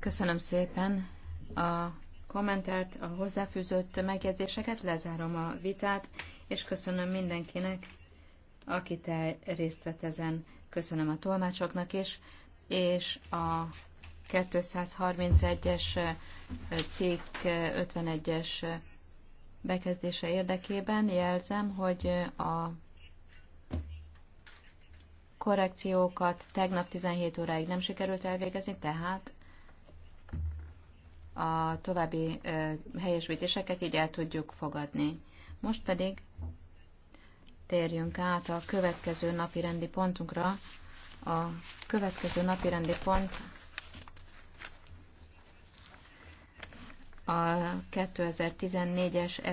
Köszönöm szépen a kommentárt, a hozzáfűzött megjegyzéseket, lezárom a vitát, és köszönöm mindenkinek, aki te részt vett ezen. Köszönöm a tolmácsoknak is, és a 231-es cikk 51-es bekezdése érdekében jelzem, hogy a korrekciókat tegnap 17 óráig nem sikerült elvégezni, tehát a további helyesítéseket így el tudjuk fogadni. Most pedig térjünk át a következő napi rendi pontunkra. A következő napi rendi pont a 2014-es